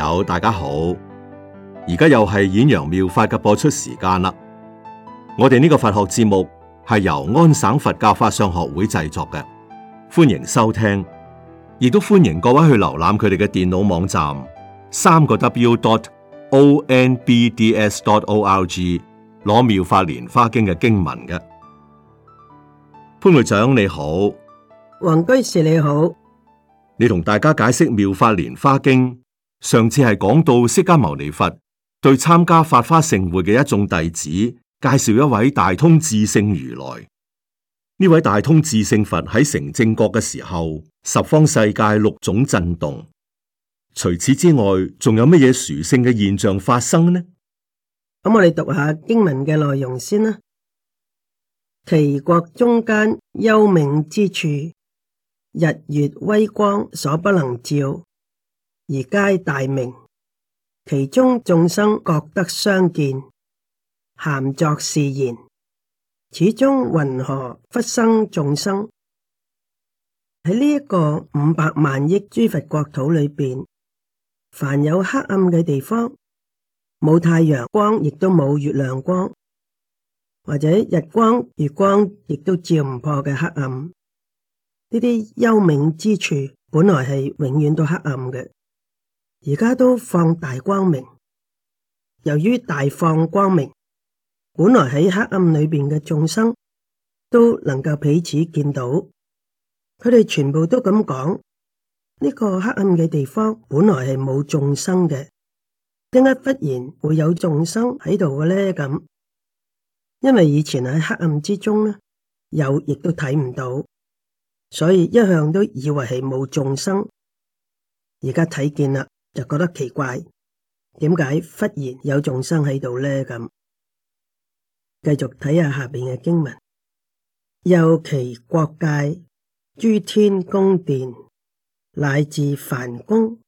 有大家好，而家又係顯揚妙法嘅播出時間啦。我哋呢個佛學節目係由安省佛教法相學會製作嘅，歡迎收聽，亦都歡迎各位去瀏覽佢哋嘅電腦網站三個 W dot O N B D S dot O L G 攞妙法蓮花經嘅經文嘅。潘會長你好，黃居士你好，你同大家解釋妙法蓮花經。上次係講到釋迦牟尼佛對參加法花盛會嘅一眾弟子介紹一位大通智勝如來。呢位大通智勝佛喺成正覺嘅時候，十方世界六種震動。除此之外，仲有乜嘢殊勝嘅現象發生呢？咁我哋讀下經文嘅內容先啦。其國中間幽冥之處，日月威光所不能照。而皆大明，其中眾生各得相見，咸作是言。始終云何忽生眾生？喺呢一個五百萬億諸佛國土裏邊，凡有黑暗嘅地方，冇太陽光，亦都冇月亮光，或者日光、月光亦都照唔破嘅黑暗。呢啲幽冥之處，本來係永遠都黑暗嘅。而家都放大光明。由於大放光明，本來喺黑暗裏邊嘅眾生都能夠彼此見到。佢哋全部都咁講：呢個黑暗嘅地方本來係冇眾生嘅，點解忽然會有眾生喺度嘅咧？咁因為以前喺黑暗之中咧，有亦都睇唔到，所以一向都以為係冇眾生。而家睇見啦。就覺得奇怪，點解忽然有眾生喺度呢？咁繼續睇下下邊嘅經文，有其國界諸宮、諸天宮殿乃至梵宮，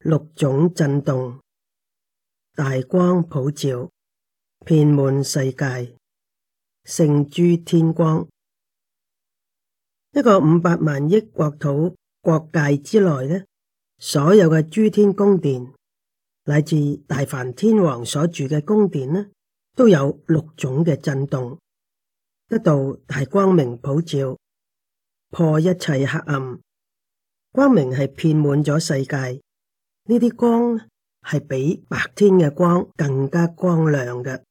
六種震動，大光普照，遍滿世界，勝諸天光。一個五百萬億國土國界之內呢。所有嘅諸天宮殿，乃至大梵天王所住嘅宮殿呢，都有六種嘅震動，得到大光明普照，破一切黑暗。光明係遍滿咗世界，呢啲光係比白天嘅光更加光亮嘅。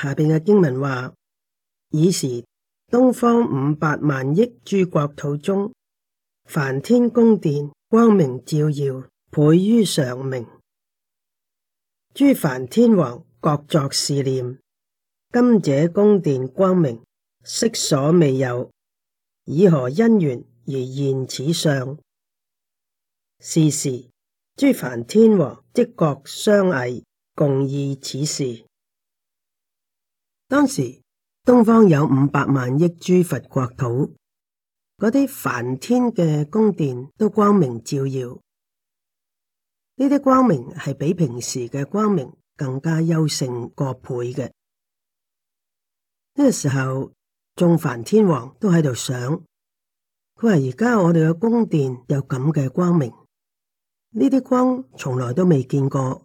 下邊嘅經文話：以時東方五百萬億諸國土中。梵天宮殿光明照耀，倍於常明。諸梵天王各作是念：今者宮殿光明，昔所未有，以何因緣而現此相？是時，時，諸梵天王即各相詣，共議此事。當時，東方有五百萬億諸佛國土。嗰啲梵天嘅宮殿都光明照耀，呢啲光明係比平時嘅光明更加優勝過倍嘅。呢、這個時候，眾梵天王都喺度想，佢話而家我哋嘅宮殿有咁嘅光明，呢啲光從來都未見過，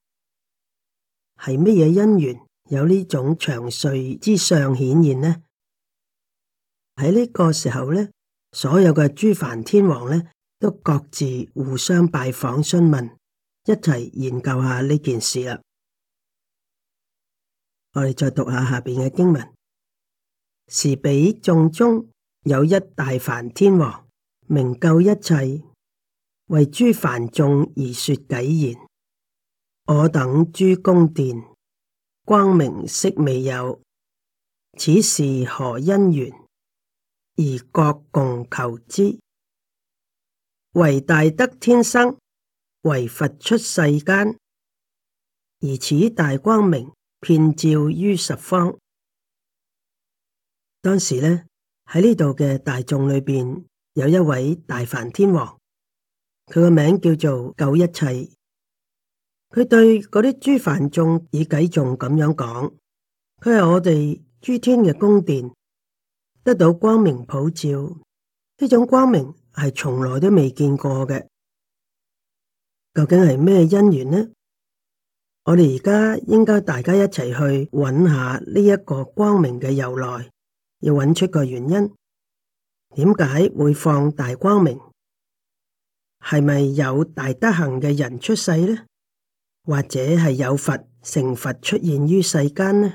係乜嘢因緣有呢種長睡之相顯現呢？喺呢個時候呢。所有嘅諸梵天王呢，都各自互相拜訪詢問，一齊研究下呢件事啦。我哋再讀下下邊嘅經文：時彼眾中有一大梵天王，名救一切，為諸梵眾而說偈言：我等諸宮殿光明昔未有，此是何因緣？而各共求之，為大德天生，為佛出世間，而此大光明遍照於十方。當時呢，喺呢度嘅大眾裏邊，有一位大梵天王，佢個名叫做救一切。佢對嗰啲諸梵眾以偈頌咁樣講：佢係我哋諸天嘅宮殿。得到光明普照，呢種光明係從來都未見過嘅。究竟係咩因緣呢？我哋而家應該大家一齊去揾下呢一個光明嘅由來，要揾出個原因，點解會放大光明？係咪有大德行嘅人出世呢？或者係有佛成佛出現於世間呢？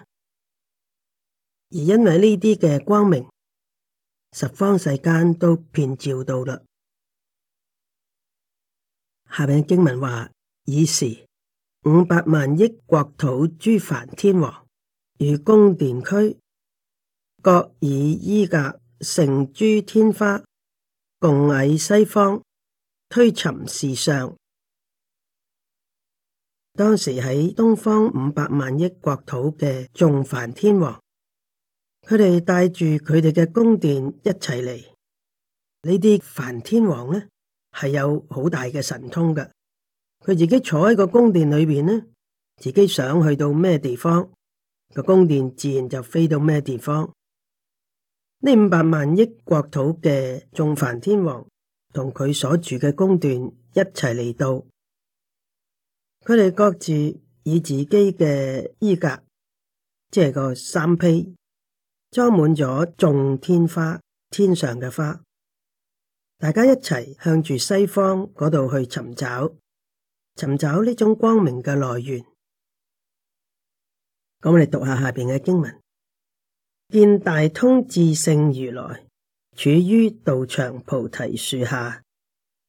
而因為呢啲嘅光明。十方世間都遍照到啦。下面經文話：爾時五百萬億國土諸梵天王與宮殿俱各以衣裓盛諸天花，共詣西方推尋是相。當時喺東方五百萬億國土嘅眾梵天王。佢哋帶住佢哋嘅宮殿一齊嚟，呢啲梵天王咧係有好大嘅神通噶。佢自己坐喺個宮殿裏邊咧，自己想去到咩地方，個宮殿自然就飛到咩地方。呢五百萬億國土嘅眾梵天王同佢所住嘅宮殿一齊嚟到，佢哋各自以自己嘅衣裓，即係個三披。裝滿咗眾天花，天上嘅花，大家一齊向住西方嗰度去尋找，尋找呢種光明嘅來源。咁我哋讀下下邊嘅經文：見大通智勝如來處于道場菩提樹下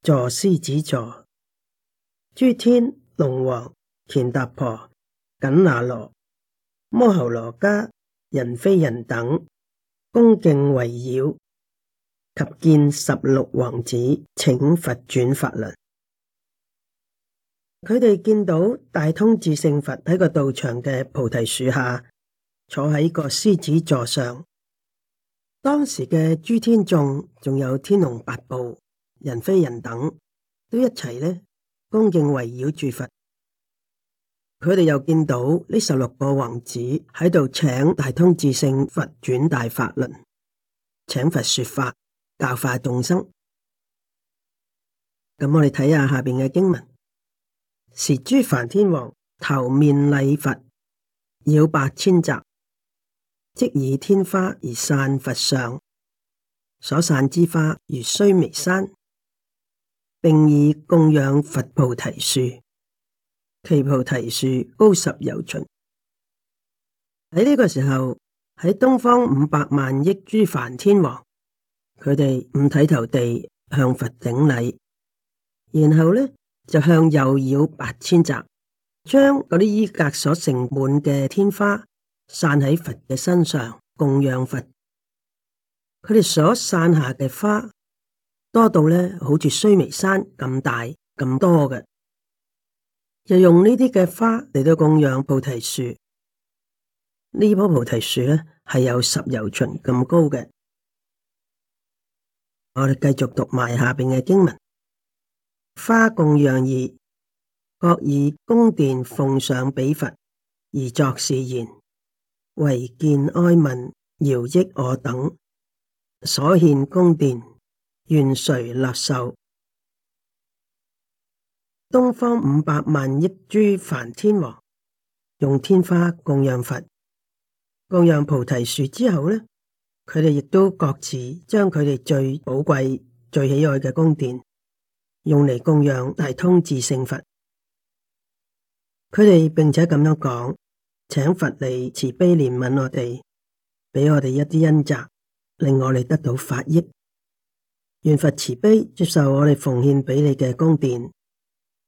坐獅子座，諸天龍王乾達婆緊那羅摩睺羅伽。」人非人等，恭敬圍繞及見十六王子，請佛轉法輪。佢哋見到大通智勝佛喺個道場嘅菩提樹下坐喺個獅子座上，當時嘅諸天眾仲有天龍八部、人非人等，都一齊呢恭敬圍繞住佛。佢哋又見到呢十六個王子喺度請大通智勝佛轉大法輪，請佛說法，教化眾生。咁我哋睇下下邊嘅經文：時諸梵天王頭面禮佛，繞百千匝，即以天花而散佛上，所散之花如須彌山，並以供養佛菩提樹。其菩提樹高十由旬。喺呢個時候，喺東方五百萬億諸梵天王，佢哋五體投地向佛頂禮，然後咧就向右繞八千匝，將嗰啲衣裓所盛滿嘅天花散喺佛嘅身上供養佛。佢哋所散下嘅花多到咧，好似須彌山咁大咁多嘅。就用呢啲嘅花嚟到供養菩提樹，呢棵菩提樹咧係有十由旬咁高嘅。我哋繼續讀埋下面嘅經文：花供養而各以宮殿奉上彼佛而作是言，唯見哀愍，饒益我等所獻宮殿願垂納受。願誰東方五百萬億諸梵天王用天花供養佛，供養菩提樹之後呢，佢哋亦都各自將佢哋最寶貴、最喜愛嘅宮殿用嚟供養大通智勝佛。佢哋並且咁樣講，請佛嚟慈悲憐憫我哋，俾我哋一啲恩澤，令我哋得到法益。願佛慈悲接受我哋奉獻俾你嘅宮殿。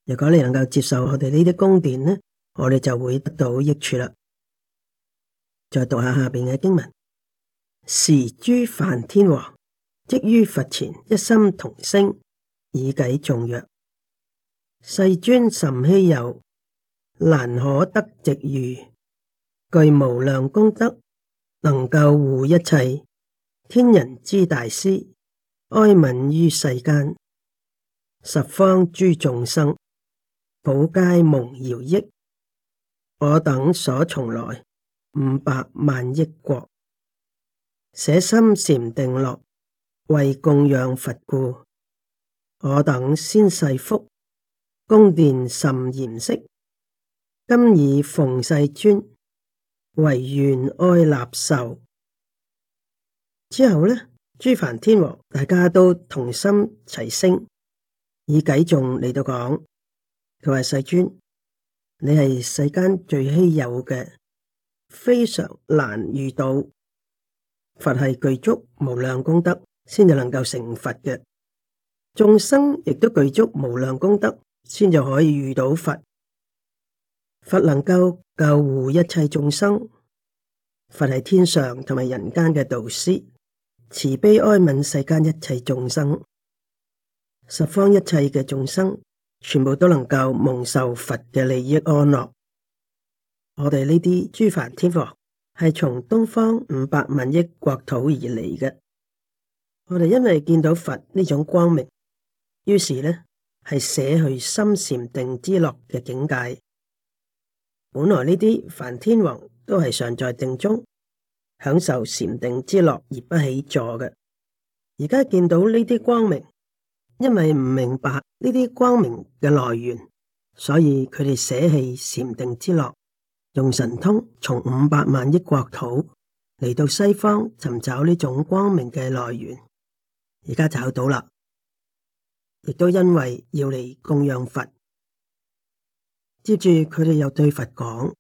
如果你能夠接受我哋呢啲宮殿呢，我哋就會得到益處啦。再讀下下邊嘅經文：時諸梵天王即於佛前一心同聲以偈重曰：世尊甚希有，難可得值遇。具無量功德，能夠護一切天人之大師，哀憫於世間十方諸眾生。普皆蒙饒益，我等所從來五百萬億國，捨心禪定樂，為供養佛故，我等先世福，宮殿甚嚴飾，今以奉世尊，唯願哀納受。之後呢，諸梵天王，大家都同心齊聲，以偈頌嚟到講。佢話世尊，你係世間最稀有嘅，非常難遇到。佛係具足無量功德，先至能夠成佛嘅。眾生亦都具足無量功德，先至可以遇到佛。佛能夠救護一切眾生，佛係天上同埋人間嘅導師，慈悲哀憫世間一切眾生，十方一切嘅眾生。全部都能夠蒙受佛嘅利益安樂。我哋呢啲諸梵天王係從東方五百萬億國土而嚟嘅。我哋因為見到佛呢種光明，於是呢係捨去心禪定之樂嘅境界。本來呢啲梵天王都係尚在定中，享受禪定之樂而不起坐嘅。而家見到呢啲光明。因為唔明白呢啲光明嘅來源，所以佢哋捨棄禪定之樂，用神通從五百萬億國土嚟到西方尋找呢種光明嘅來源。而家找到啦，亦都因為要嚟供養佛。接住佢哋又對佛講：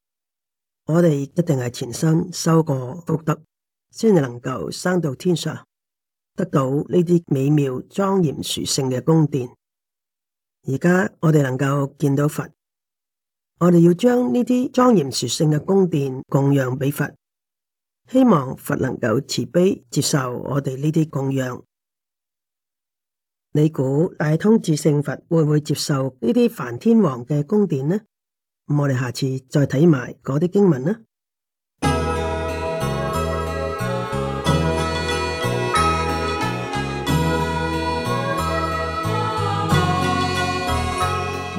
我哋一定係前生修過福德，先至能夠生到天上。得到呢啲美妙莊嚴殊勝嘅宮殿，而家我哋能夠見到佛，我哋要將呢啲莊嚴殊勝嘅宮殿供養俾佛，希望佛能夠慈悲接受我哋呢啲供養。你估大通智勝佛會唔會接受呢啲梵天王嘅宮殿呢？我哋下次再睇埋嗰啲經文啦。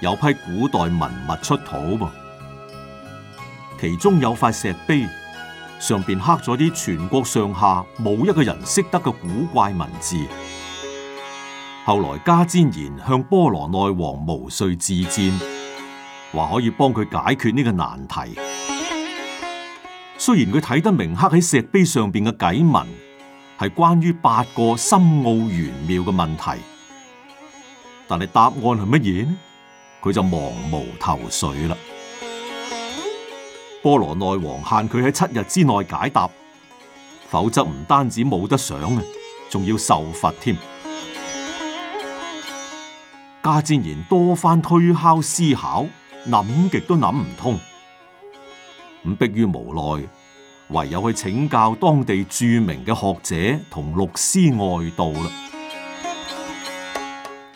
有批古代文物出土噃，其中有塊石碑上邊刻咗啲全國上下冇一個人識得嘅古怪文字。後來迦旃延向波羅奈王毛遂自薦，話可以幫佢解決呢個難題。雖然佢睇得明刻喺石碑上邊嘅偈文係關於八個深奧玄妙嘅問題，但係答案係乜嘢呢？佢就茫無頭緒啦。波羅奈王限佢喺七日之內解答，否則唔單止冇得上啊，仲要受罰添。迦旃延多番推敲思考，諗極都諗唔通，咁迫於無奈，唯有去請教當地著名嘅學者同律師外道啦。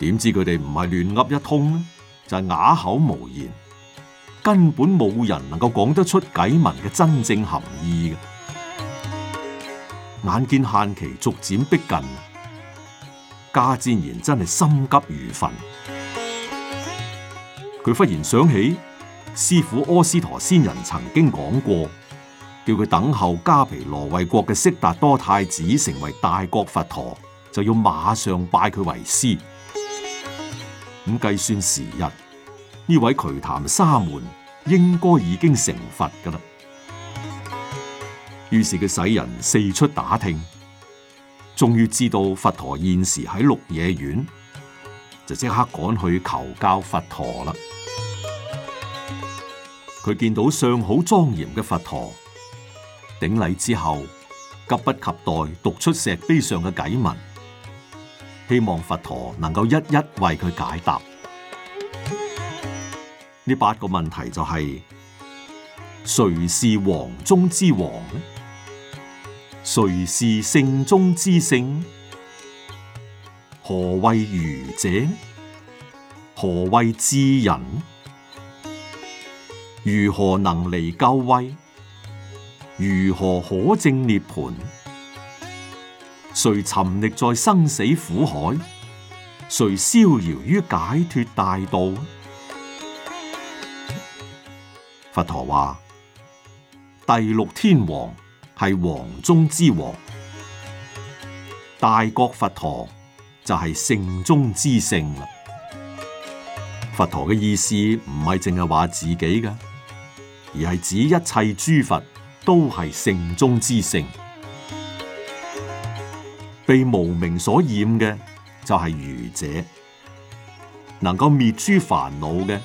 點知佢哋唔係亂噏一通呢？就係啞口無言，根本冇人能夠講得出偈文嘅真正含義嘅。眼見限期逐漸逼近，迦旃延真係心急如焚。佢忽然想起師父阿斯陀仙人曾經講過，叫佢等候加皮羅衛國嘅悉達多太子成為大國佛陀，就要馬上拜佢為師。咁計算時日，呢位瞿曇沙門應該已經成佛㗎喇。於是佢使人四出打聽，終於知道佛陀現時喺鹿野苑，就即刻趕去求教佛陀啦。佢見到相好莊嚴嘅佛陀，頂禮之後，急不及待讀出石碑上嘅偈文。希望佛陀能夠一一為佢解答呢八個問題，就是，就係誰是王中之王呢？誰是聖中之聖？何謂愚者？何謂智人？如何能離救威，如何可證涅槃？誰沉溺在生死苦海？誰逍遙於解脱大道？佛陀話：第六天王係王中之王，大覺佛陀就係聖中之聖啦。佛陀嘅意思唔係淨係話自己㗎，而係指一切諸佛都係聖中之聖。被無明所染嘅就係愚者，能夠滅諸煩惱嘅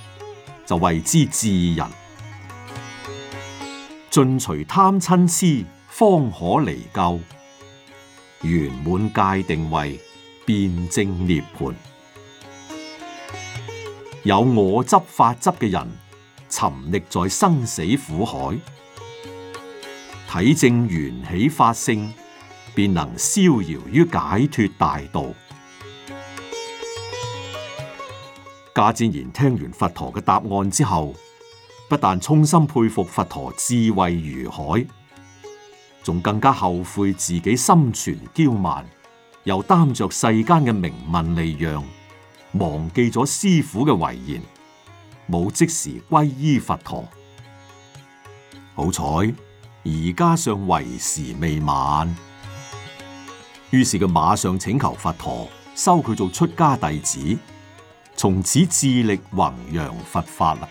就為之智人，盡除貪嗔痴，方可離垢，圓滿界定為辯正涅槃。有我執法執嘅人，沉溺在生死苦海，體證緣起法性，便能逍遙於解脫大道。迦旃延聽完佛陀嘅答案之後，不但衷心佩服佛陀智慧如海，仲更加後悔自己心存驕慢，又擔着世間嘅名聞利養，忘記咗師傅嘅遺言，冇即時歸依佛陀。好彩，而家尚為時未晚。於是佢馬上請求佛陀收佢做出家弟子，從此致力弘揚佛法啦。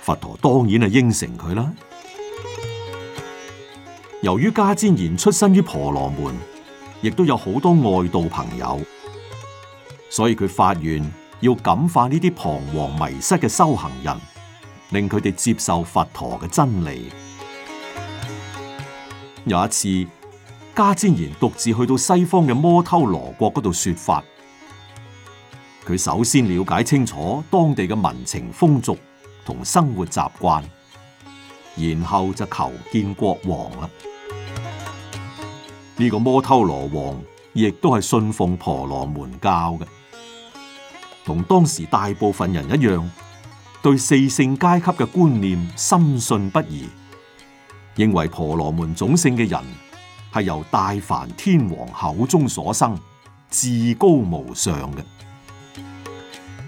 佛陀當然係應承佢啦。由於迦旃延出身於婆羅門，亦都有好多外道朋友，所以佢發願要感化呢啲彷徨迷失嘅修行人，令佢哋接受佛陀嘅真理。有一次，迦旃延獨自去到西方嘅摩偷羅國嗰度說法，佢首先了解清楚當地嘅民情風俗同生活習慣，然後就求見國王啦。呢個摩偷羅王亦都係信奉婆羅門教嘅，同當時大部分人一樣，對四姓階級嘅觀念深信不疑，認為婆羅門種姓嘅人，係由大梵天王口中所生，至高無上嘅。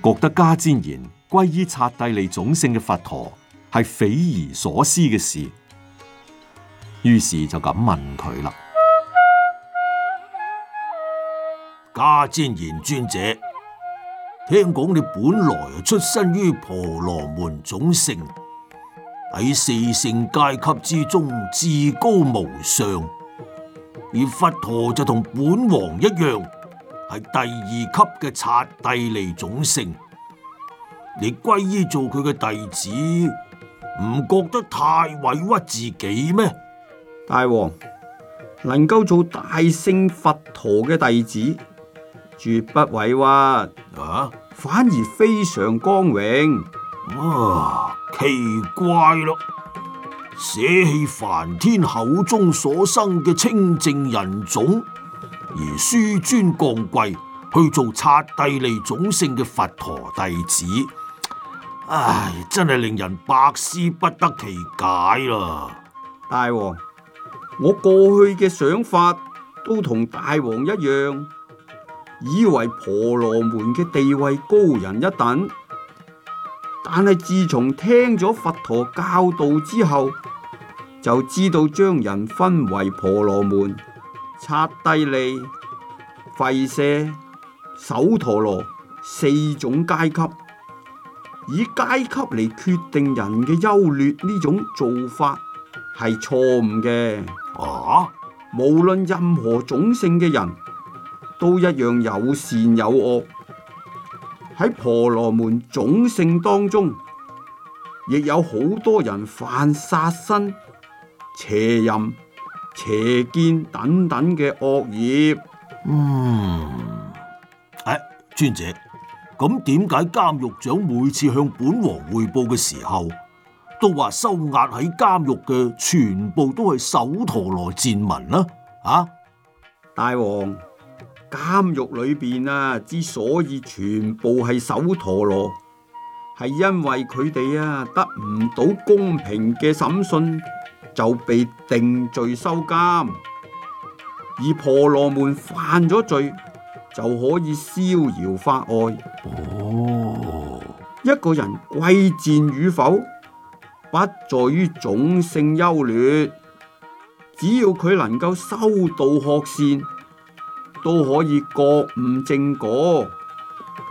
覺得迦旃延歸依剎帝利種姓嘅佛陀係匪夷所思嘅事，於是就咁問佢啦。迦旃延尊者，聽講你本來出身於婆羅門種姓，喺四姓階級之中至高無上。而佛陀就同本王一樣，係第二級嘅剎帝利種姓，你皈依做佢嘅弟子，唔覺得太委屈自己咩？大王能夠做大聖佛陀嘅弟子，絕不委屈，啊、反而非常光榮。哇，奇怪咯。捨棄梵天口中所生嘅清淨人種，而紆尊降貴去做剎帝利種姓嘅佛陀弟子，唉，真係令人百思不得其解啦！大王，我過去嘅想法都同大王一樣，以為婆羅門嘅地位高人一等。但係自從聽咗佛陀教導之後，就知道將人分為婆羅門、剎帝利、吠舍、首陀羅四種階級，以階級嚟決定人嘅優劣呢種做法係錯誤嘅。啊，無論任何種姓嘅人都一樣有善有惡。喺婆羅門種姓當中，亦有好多人犯殺生、邪淫、邪見等等嘅惡業。嗯，誒、哎，尊者，咁點解監獄長每次向本王匯報嘅時候，都話收押喺監獄嘅全部都係首陀羅賤民呢？啊，大王。監獄裏邊啊，之所以全部係首陀羅，係因為佢哋啊得唔到公平嘅審訊，就被定罪收監；而婆羅門犯咗罪就可以逍遙法外。哦，一個人貴賤與否，不在於種性優劣，只要佢能夠修道學善。都可以覺悟正果，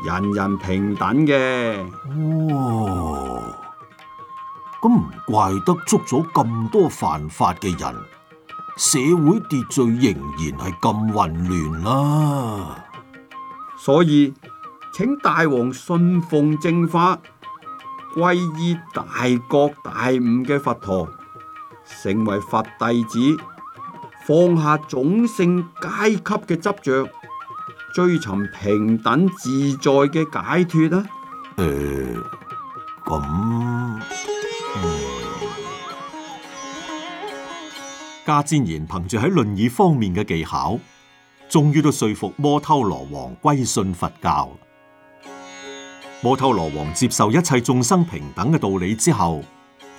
人人平等嘅。哦，咁唔怪得捉咗咁多犯法嘅人，社會秩序仍然係咁混亂啦。所以，請大王信奉正法，皈依大覺大悟嘅佛陀，成為佛弟子。放下種姓階級嘅執着，追尋平等自在嘅解脱啦，啊。咁，呃，迦旃延憑住喺論議方面嘅技巧，終於都說服摩偷羅王歸信佛教。摩偷羅王接受一切眾生平等嘅道理之後，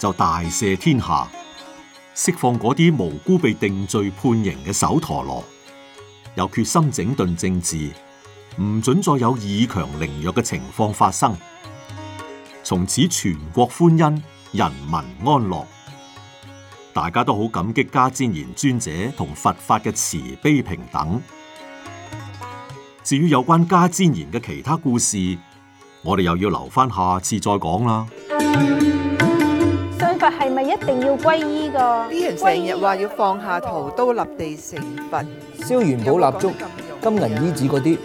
就大赦天下。釋放嗰啲無辜被定罪判刑嘅首陀羅，又決心整頓政治，唔准再有以強凌弱嘅情況發生。從此全國歡欣，人民安樂，大家都好感激迦旃延尊者同佛法嘅慈悲平等。至於有關迦旃延嘅其他故事，我哋又要留翻下，下次再講啦。係咪一定要皈依㗎？啲人成日話要放下屠刀，立地成佛，燒元寶蠟燭、金銀衣紙嗰啲，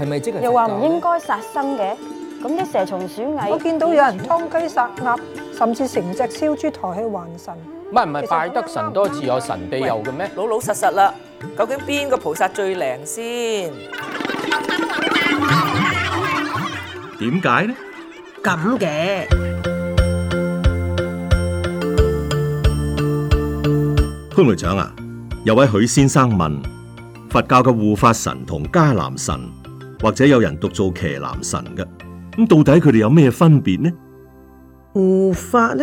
係咪即係？又話唔應該殺生嘅，咁啲蛇蟲鼠蟻，我見到有人劏雞殺鴨，甚至成隻燒豬抬去還神。唔係唔係，拜得神多自有神庇佑嘅咩？老老實實啦，究竟邊個菩薩最靈先？點解呢？咁嘅。潘會長啊，有位許先生問：佛教嘅護法神同伽藍神，或者有人讀做騎藍神嘅，咁到底佢哋有咩分別呢？護法呢，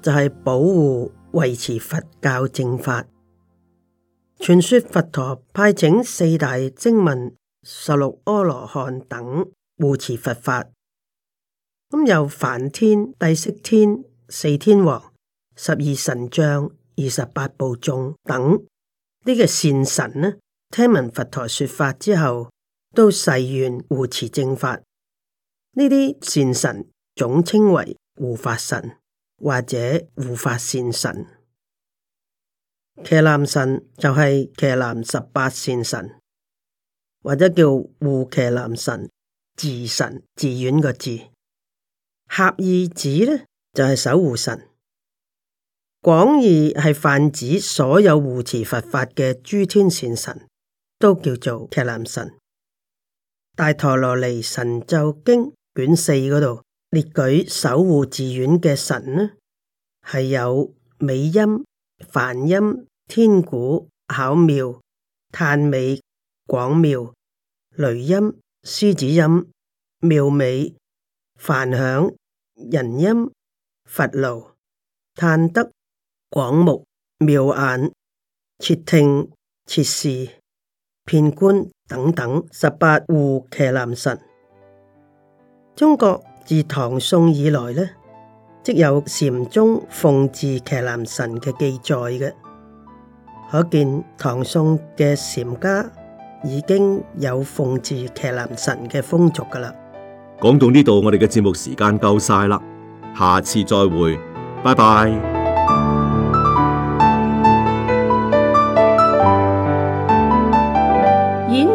就係、是、保護維持佛教正法。傳說佛陀派請四大精文、十六阿羅漢等護持佛法。咁有梵天、帝釋天、四天王、十二神將……二十八部眾等呢、這個善神呢，聽聞佛陀說法之後，都誓願護持正法。呢啲善神總稱為護法神或者護法善神。伽藍神就係伽藍十八善神，或者叫護伽藍神，寺神，寺院嘅寺，合意子呢就係、是、守護神。廣義係泛指所有護持佛法嘅諸天善神，都叫做伽藍神。大陀羅尼神咒經卷四嗰度列舉守護寺院嘅神呢，係有美音、梵音、天鼓、巧妙、嘆美、廣妙、雷音、獅子音、妙美、梵響、人音、佛奴、嘆德。廣目、妙眼、徹聽、徹視、遍觀等等，十八護伽藍神。中國自唐宋以來呢，即有禪宗奉祀伽藍神嘅記載嘅，可見唐宋嘅禪家已經有奉祀伽藍神嘅風俗噶啦。講到呢度，我哋嘅節目時間夠晒啦，下次再會，拜拜。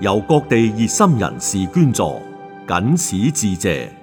由各地熱心人士捐助，謹此致謝。